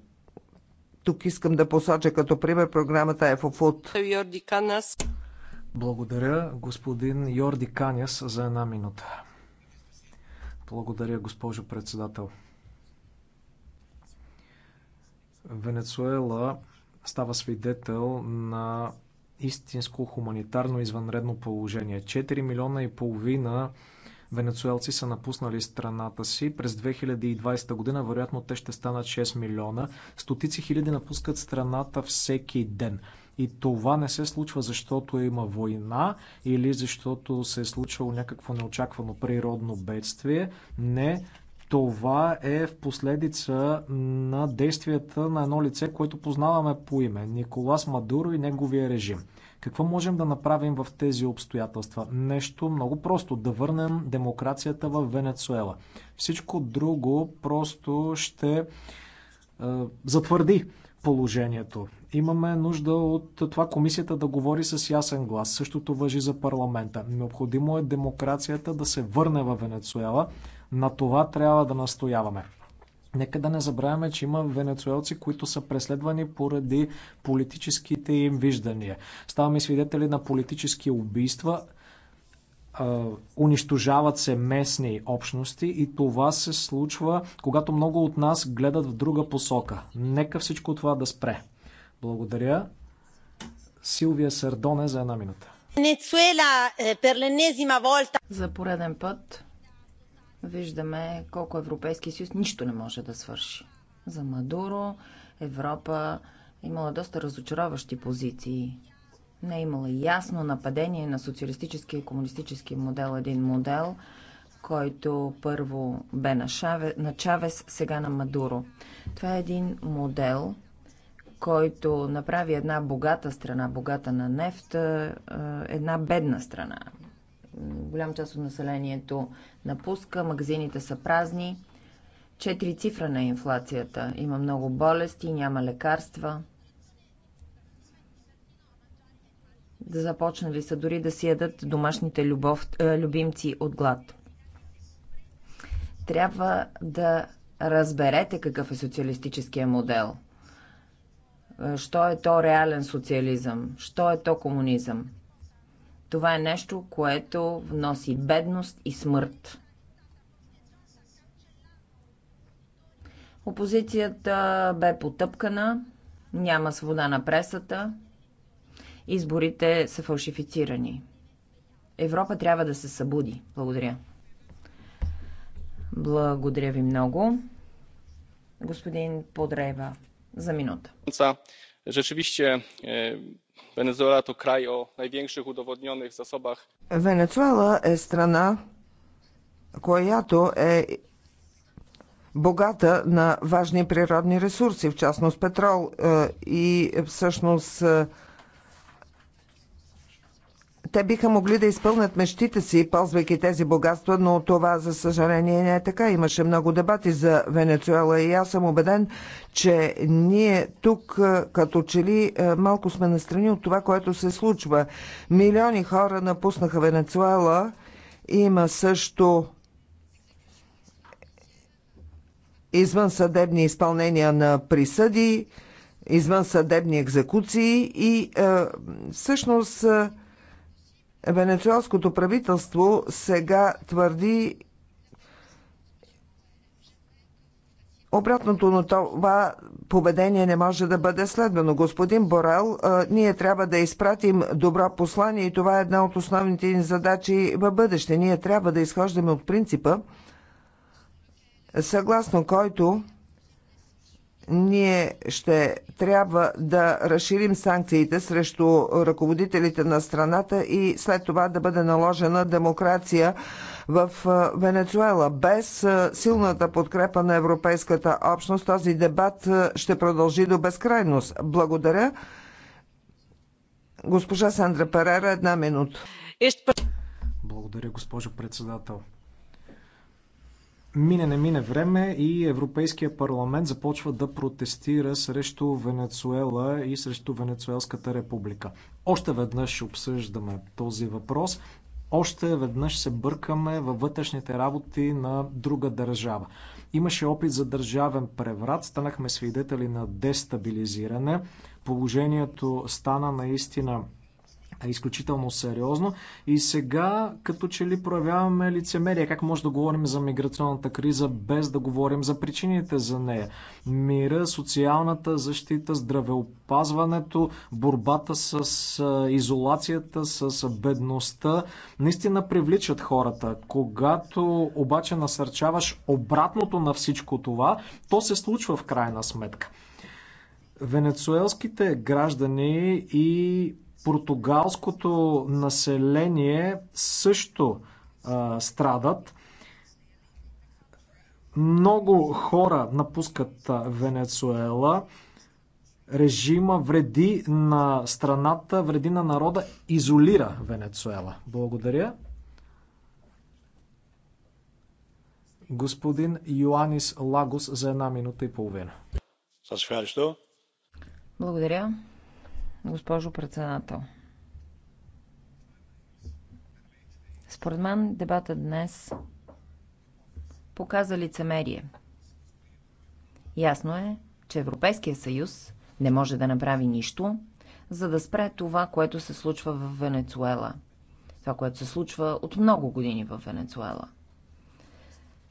Speaker 8: Тук искам да посоча
Speaker 6: като пример програмата ЕФОФУД. Благодаря, господин Йорди Каняс, за една минута. Благодаря, госпожо председател. Венецуела става свидетел на истинско хуманитарно извънредно положение. 4 милиона и половина венецуелци са напуснали страната си. През 2020 година вероятно те ще станат 6 милиона. Стотици хиляди напускат страната всеки ден. И това не се случва защото има война или защото се е случвало някакво неочаквано природно бедствие. Не, това е в последица на действията на едно лице, което познаваме по име Николас Мадуро и неговия режим. Какво можем да направим в тези обстоятелства? Нещо много просто да върнем демокрацията в Венецуела. Всичко друго просто ще е, затвърди положението. Имаме нужда от това комисията да говори с ясен глас. Същото въжи за парламента. Необходимо е демокрацията да се върне в Венецуела, на това трябва да настояваме. Нека да не забравяме, че има венецуелци, които са преследвани поради политическите им виждания. Ставаме свидетели на политически убийства, унищожават се местни общности и това се случва, когато много от нас гледат в друга посока. Нека всичко това да спре. Благодаря. Силвия Сардоне за една минута.
Speaker 3: Венецуела,
Speaker 7: е, За пореден път виждаме колко Европейски съюз нищо не може да свърши. За Мадуро Европа имала доста разочароващи позиции. Не е имала ясно нападение на социалистическия и комунистическия модел. Един модел, който първо бе на, Шаве, на Чавес, сега на Мадуро. Това е един модел, който направи една богата страна, богата на нефт, е, една бедна страна голям част от населението напуска, магазините са празни. Четири цифра на инфлацията. Има много болести, няма лекарства. Да започнали са дори да си ядат домашните любов, е, любимци от глад. Трябва да разберете какъв е социалистическия модел. Е, що е то реален социализъм? Що е то комунизъм? Това е нещо, което вноси бедност и смърт. Опозицията бе потъпкана, няма свобода на пресата, изборите са фалшифицирани. Европа трябва да се събуди. Благодаря. Благодаря ви много. Господин Подрева, за минута.
Speaker 5: Wenezuela to kraj o największych udowodnionych zasobach.
Speaker 8: Венецуела е страна, която е богата на важни природни ресурси, в частност петрол е, и всъщност е, те биха могли да изпълнят мечтите си, ползвайки тези богатства, но това, за съжаление, не е така. Имаше много дебати за Венецуела и аз съм убеден, че ние тук, е, като че ли, е, малко сме настрани от това, което се случва. Милиони хора напуснаха Венецуела. Има също извънсъдебни изпълнения на присъди, извънсъдебни екзекуции и е, всъщност е, Венецуелското правителство сега твърди Обратното на това поведение не може да бъде следвано. Господин Борел, ние трябва да изпратим добро послание и това е една от основните ни задачи в бъдеще. Ние трябва да изхождаме от принципа, съгласно който ние ще трябва да разширим санкциите срещу ръководителите на страната и след това да бъде наложена демокрация в Венецуела. Без силната подкрепа на Европейската общност този дебат ще продължи до безкрайност. Благодаря. Госпожа Сандра Перера, една минута.
Speaker 6: Благодаря, госпожо председател мине не мине време и Европейския парламент започва да протестира срещу Венецуела и срещу Венецуелската република. Още веднъж обсъждаме този въпрос. Още веднъж се бъркаме във вътрешните работи на друга държава. Имаше опит за държавен преврат, станахме свидетели на дестабилизиране. Положението стана наистина изключително сериозно. И сега, като че ли проявяваме лицемерие, как може да говорим за миграционната криза, без да говорим за причините за нея. Мира, социалната защита, здравеопазването, борбата с изолацията, с бедността, наистина привличат хората. Когато обаче насърчаваш обратното на всичко това, то се случва в крайна сметка венецуелските граждани и португалското население също а, страдат. Много хора напускат Венецуела. Режима вреди на страната, вреди на народа, изолира Венецуела. Благодаря. Господин Йоанис Лагос за една минута и половина.
Speaker 7: Благодаря госпожо председател. Според мен дебата днес показа лицемерие. Ясно е, че Европейския съюз не може да направи нищо, за да спре това, което се случва в Венецуела. Това, което се случва от много години в Венецуела.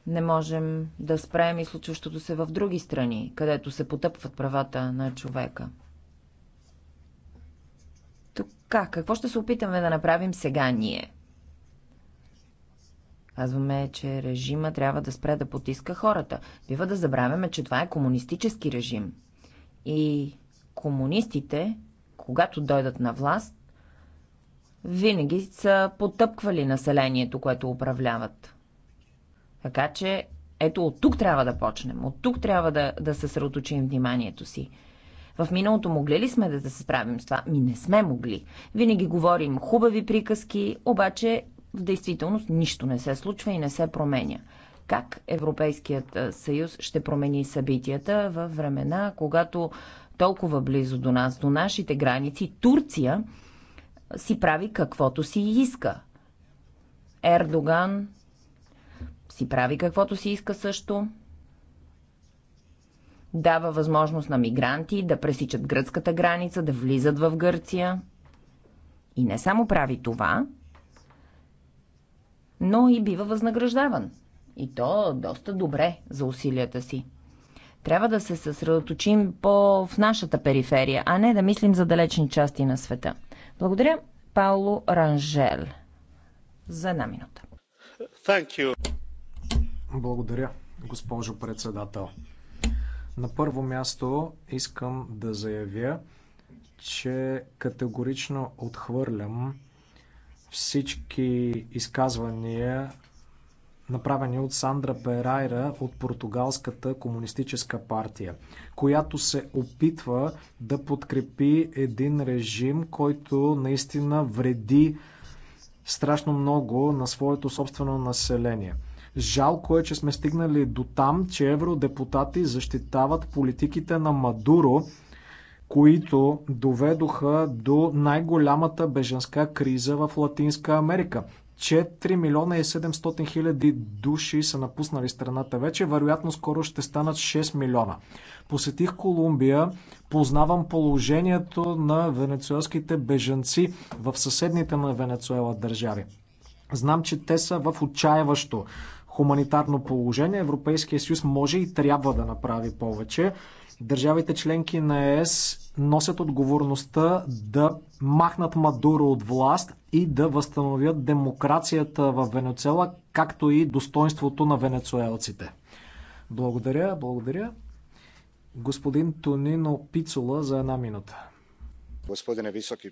Speaker 7: Не можем да спрем и случващото се в други страни, където се потъпват правата на човека – как? какво ще се опитаме да направим сега ние? Казваме, че режима трябва да спре да потиска хората. Бива да забравяме, че това е комунистически режим. И комунистите, когато дойдат на власт, винаги са потъпквали населението, което управляват. Така че, ето от тук трябва да почнем. От тук трябва да, да съсредоточим вниманието си. В миналото могли ли сме да, се справим с това? Ми не сме могли. Винаги говорим хубави приказки, обаче в действителност нищо не се случва и не се променя. Как Европейският съюз ще промени събитията във времена, когато толкова близо до нас, до нашите граници, Турция си прави каквото си иска. Ердоган си прави каквото си иска също дава възможност на мигранти да пресичат гръцката граница, да влизат в Гърция. И не само прави това, но и бива възнаграждаван. И то доста добре за усилията си. Трябва да се съсредоточим по в нашата периферия, а не да мислим за далечни части на света. Благодаря, Пауло Ранжел.
Speaker 6: За една минута. Благодаря, госпожо председател. На първо място искам да заявя, че категорично отхвърлям всички изказвания, направени от Сандра Перайра от португалската комунистическа партия, която се опитва да подкрепи един режим, който наистина вреди страшно много на своето собствено население – Жалко е, че сме стигнали до там, че евродепутати защитават политиките на Мадуро, които доведоха до най-голямата беженска криза в Латинска Америка. 4 милиона и 700 хиляди души са напуснали страната вече, вероятно скоро ще станат 6 милиона. Посетих Колумбия, познавам положението на венецуелските бежанци в съседните на Венецуела държави. Знам, че те са в отчаяващо хуманитарно положение. Европейския съюз може и трябва да направи повече. Държавите членки на ЕС носят отговорността да махнат Мадуро от власт и да възстановят демокрацията в Венецуела, както и достоинството на венецуелците. Благодаря, благодаря. Господин Тонино Пицола за една минута. Господине високи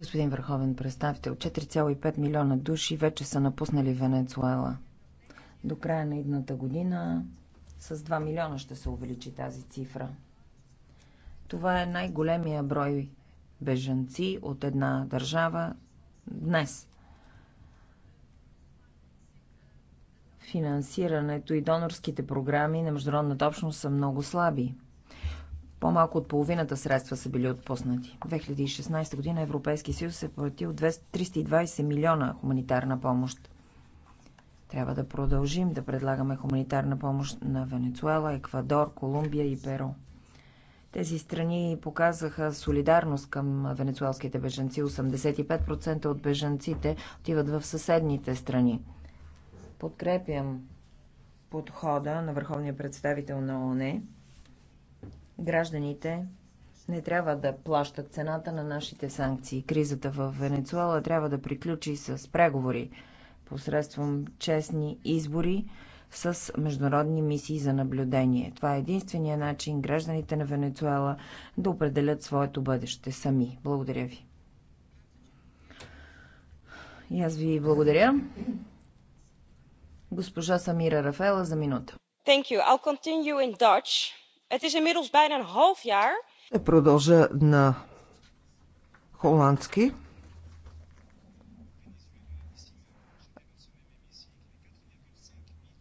Speaker 6: Господин върховен представител,
Speaker 7: 4,5 милиона души вече са напуснали Венецуела. До края на едната година с 2 милиона ще се увеличи тази цифра. Това е най-големия брой бежанци от една държава днес. Финансирането и донорските програми на международната общност са много слаби. По-малко от половината средства са били отпуснати. 2016 година Европейския съюз е платил 320 милиона хуманитарна помощ. Трябва да продължим да предлагаме хуманитарна помощ на Венецуела, Еквадор, Колумбия и Перу. Тези страни показаха солидарност към венецуелските бежанци. 85% от бежанците отиват в съседните страни. Подкрепям подхода на върховния представител на ОНЕ Гражданите не трябва да плащат цената на нашите санкции. Кризата в Венецуела трябва да приключи с преговори посредством честни избори с международни мисии за наблюдение. Това е единствения начин гражданите на Венецуела да определят своето бъдеще сами. Благодаря ви. И аз ви благодаря. Госпожа Самира Рафела за минута. Thank you. I'll continue in Dutch.
Speaker 8: Ще продължа на холандски.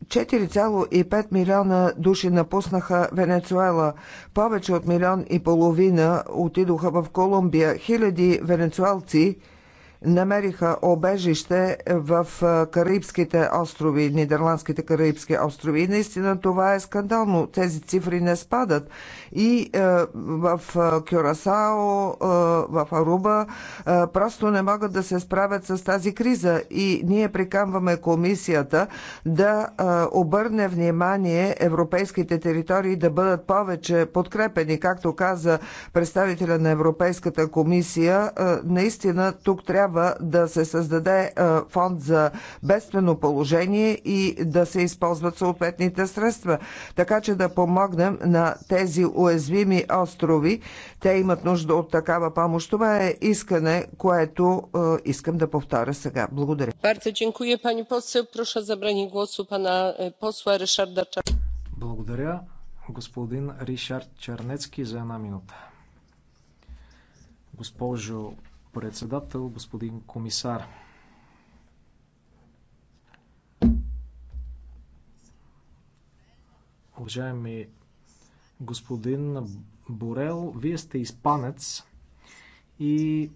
Speaker 8: Четири цяло и пет милиона души напуснаха Венецуела. Повече от милион и половина отидоха в Колумбия. Хиляди венецуалци намериха обежище в Карибските острови, Нидерландските Карибски острови. И наистина това е скандално. Тези цифри не спадат. И е, в Кюрасао, е, в Аруба е, просто не могат да се справят с тази криза. И ние прикамваме комисията да е, обърне внимание европейските територии да бъдат повече подкрепени. Както каза представителя на Европейската комисия, е, наистина тук трябва трябва да се създаде е, фонд за бедствено положение и да се използват съответните средства, така че да помогнем на тези уязвими острови. Те имат нужда от такава помощ. Това е искане, което е, искам да
Speaker 6: повторя сега. Благодаря.
Speaker 3: E,
Speaker 6: Благодаря господин Ришард Чернецки за една минута. Госпожо председател, господин комисар. Уважаеми господин Борел, вие сте испанец и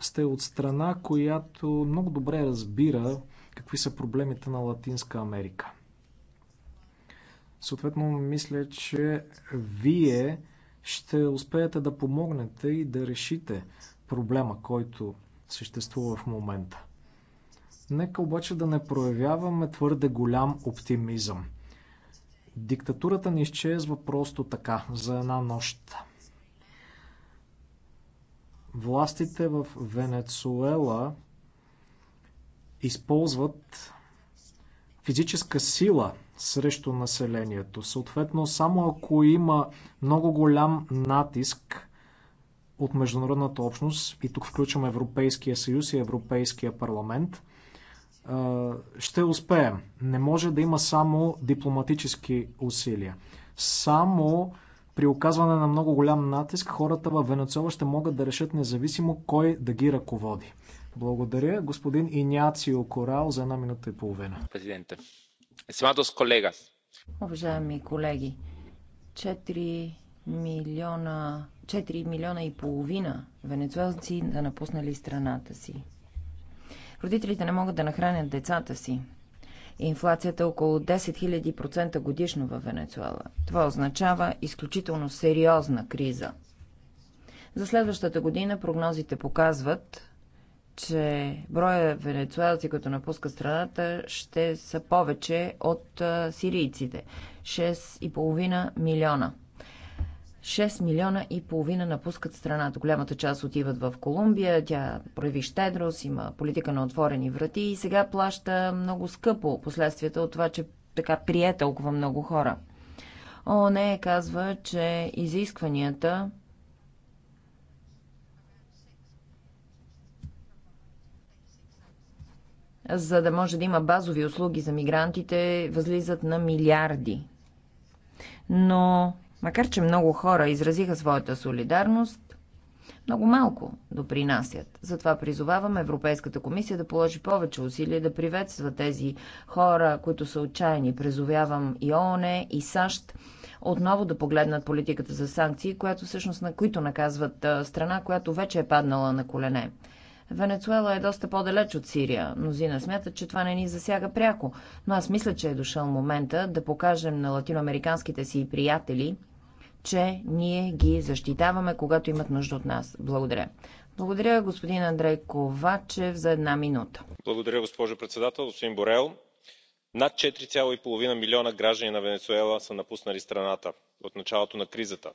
Speaker 6: сте от страна, която много добре разбира какви са проблемите на Латинска Америка. Съответно, мисля, че вие ще успеете да помогнете и да решите проблема, който съществува в момента. Нека обаче да не проявяваме твърде голям оптимизъм. Диктатурата не изчезва просто така, за една нощ. Властите в Венецуела използват физическа сила срещу населението. Съответно, само ако има много голям натиск, от международната общност, и тук включвам Европейския съюз и Европейския парламент, ще успеем. Не може да има само дипломатически усилия. Само при оказване на много голям натиск хората в Венецова ще могат да решат независимо кой да ги ръководи. Благодаря, господин Иняцио Корал, за една минута и половина.
Speaker 5: Президенте, с
Speaker 6: Уважаеми колеги, четири милиона,
Speaker 7: 4 милиона и половина венецуелци да напуснали страната си. Родителите не могат да нахранят децата си. Инфлацията е около 10 000% годишно в Венецуела. Това означава изключително сериозна криза. За следващата година прогнозите показват, че броя венецуелци, които напускат страната, ще са повече от сирийците. 6,5 милиона – 6 милиона и половина напускат страната. Голямата част отиват в Колумбия, тя прояви щедрост, има политика на отворени врати и сега плаща много скъпо последствията от това, че така прие толкова много хора. ООН казва, че изискванията за да може да има базови услуги за мигрантите, възлизат на милиарди. Но Макар, че много хора изразиха своята солидарност, много малко допринасят. Затова призовавам Европейската комисия да положи повече усилия да приветства тези хора, които са отчаяни. Призовявам и ООН, и САЩ отново да погледнат политиката за санкции, която всъщност на които наказват страна, която вече е паднала на колене. Венецуела е доста по-далеч от Сирия. Мнозина смятат, че това не ни засяга пряко. Но аз мисля, че е дошъл момента да покажем на латиноамериканските си приятели, че ние ги защитаваме, когато имат нужда от нас. Благодаря. Благодаря, господин Андрей Ковачев, за една минута.
Speaker 5: Благодаря, госпожо председател, господин Борел. Над 4,5 милиона граждани на Венецуела са напуснали страната от началото на кризата,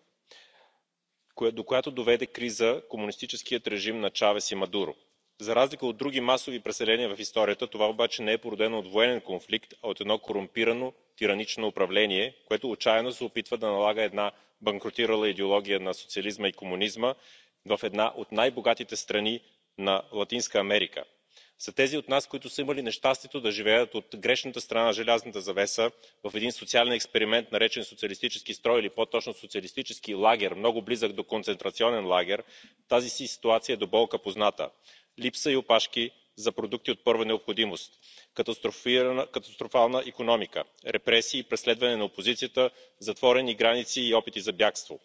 Speaker 5: до която доведе криза комунистическият режим на Чавес и Мадуро за разлика от други масови преселения в историята това обаче не е породено от военен конфликт а от едно корумпирано тиранично управление което отчаяно се опитва да налага една банкрутирала идеология на социализма и комунизма в една от най богатите страни на латинска америка. за тези от нас които са имали нещастието да живеят от грешната страна на желязната завеса в един социален експеримент наречен социалистически строй или по точно социалистически лагер много близък до концентрационен лагер тази ситуация е до болка позната липса и опашки за продукти от първа необходимост катастрофална икономика репресии и преследване на опозицията затворени граници и опити за бягство.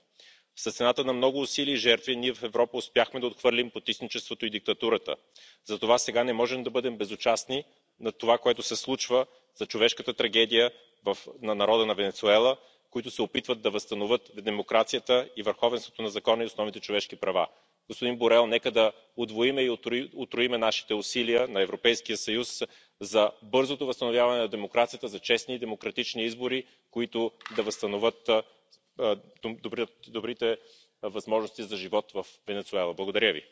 Speaker 5: с цената на много усилия и жертви ние в европа успяхме да отхвърлим потисничеството и диктатурата. затова сега не можем да бъдем безучастни на това което се случва за човешката трагедия на народа на венецуела които се опитват да възстановят демокрацията и върховенството на закона и основните човешки права господин борел нека да удвоим и утроим нашите усилия на европейския съюз за бързото възстановяване на демокрацията за честни и демократични избори които да възстановят добрите възможности за живот във венецуела. благодаря ви.